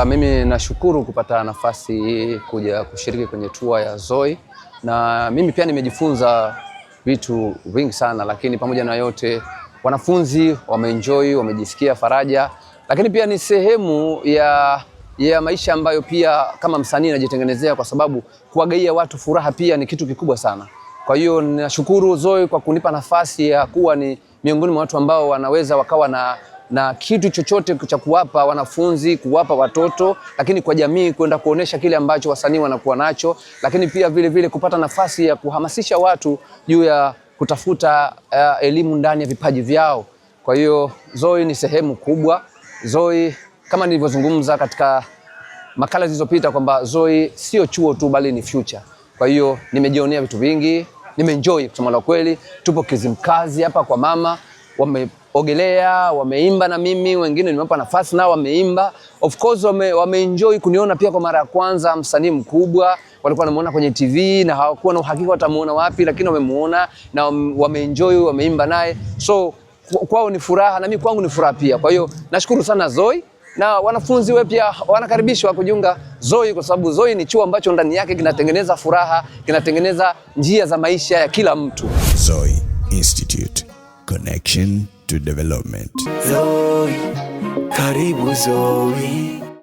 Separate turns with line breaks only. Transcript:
Ah, mimi nashukuru kupata nafasi hii kuja kushiriki kwenye tour ya ZOI na mimi pia nimejifunza vitu vingi sana, lakini pamoja na yote wanafunzi wameenjoy, wamejisikia faraja, lakini pia ni sehemu ya ya maisha ambayo pia kama msanii najitengenezea, kwa sababu kuwagaia watu furaha pia ni kitu kikubwa sana. Kwa hiyo nashukuru Zoe kwa kunipa nafasi ya kuwa ni miongoni mwa watu ambao wanaweza wakawa na na kitu chochote cha kuwapa wanafunzi, kuwapa watoto, lakini kwa jamii kwenda kuonesha kile ambacho wasanii wanakuwa nacho, lakini pia vile vile kupata nafasi ya kuhamasisha watu juu ya kutafuta uh, elimu ndani ya vipaji vyao. Kwa hiyo ZOI ni sehemu kubwa. ZOI kama nilivyozungumza katika makala zilizopita kwamba ZOI sio chuo tu, bali ni future. Kwa hiyo nimejionea vitu vingi, nimeenjoy kusema la kweli. Tupo Kizimkazi hapa kwa mama wame wameogelea, wameimba na mimi, wengine nimewapa nafasi nao wameimba. Of course wame, wameenjoy kuniona pia kwa mara ya kwanza msanii mkubwa. Walikuwa wanamuona kwenye TV na hawakuwa na uhakika watamuona wapi, lakini wamemuona na wameenjoy, wameimba naye. So kwao ni furaha na mimi kwangu ni furaha pia. Kwa hiyo nashukuru sana Zoi na wanafunzi wewe pia wanakaribishwa kujiunga ZOI kwa sababu ZOI ni chuo ambacho ndani yake kinatengeneza furaha, kinatengeneza njia za maisha ya kila mtu. ZOI Institute Connection to development. Zoe, karibu Zoe.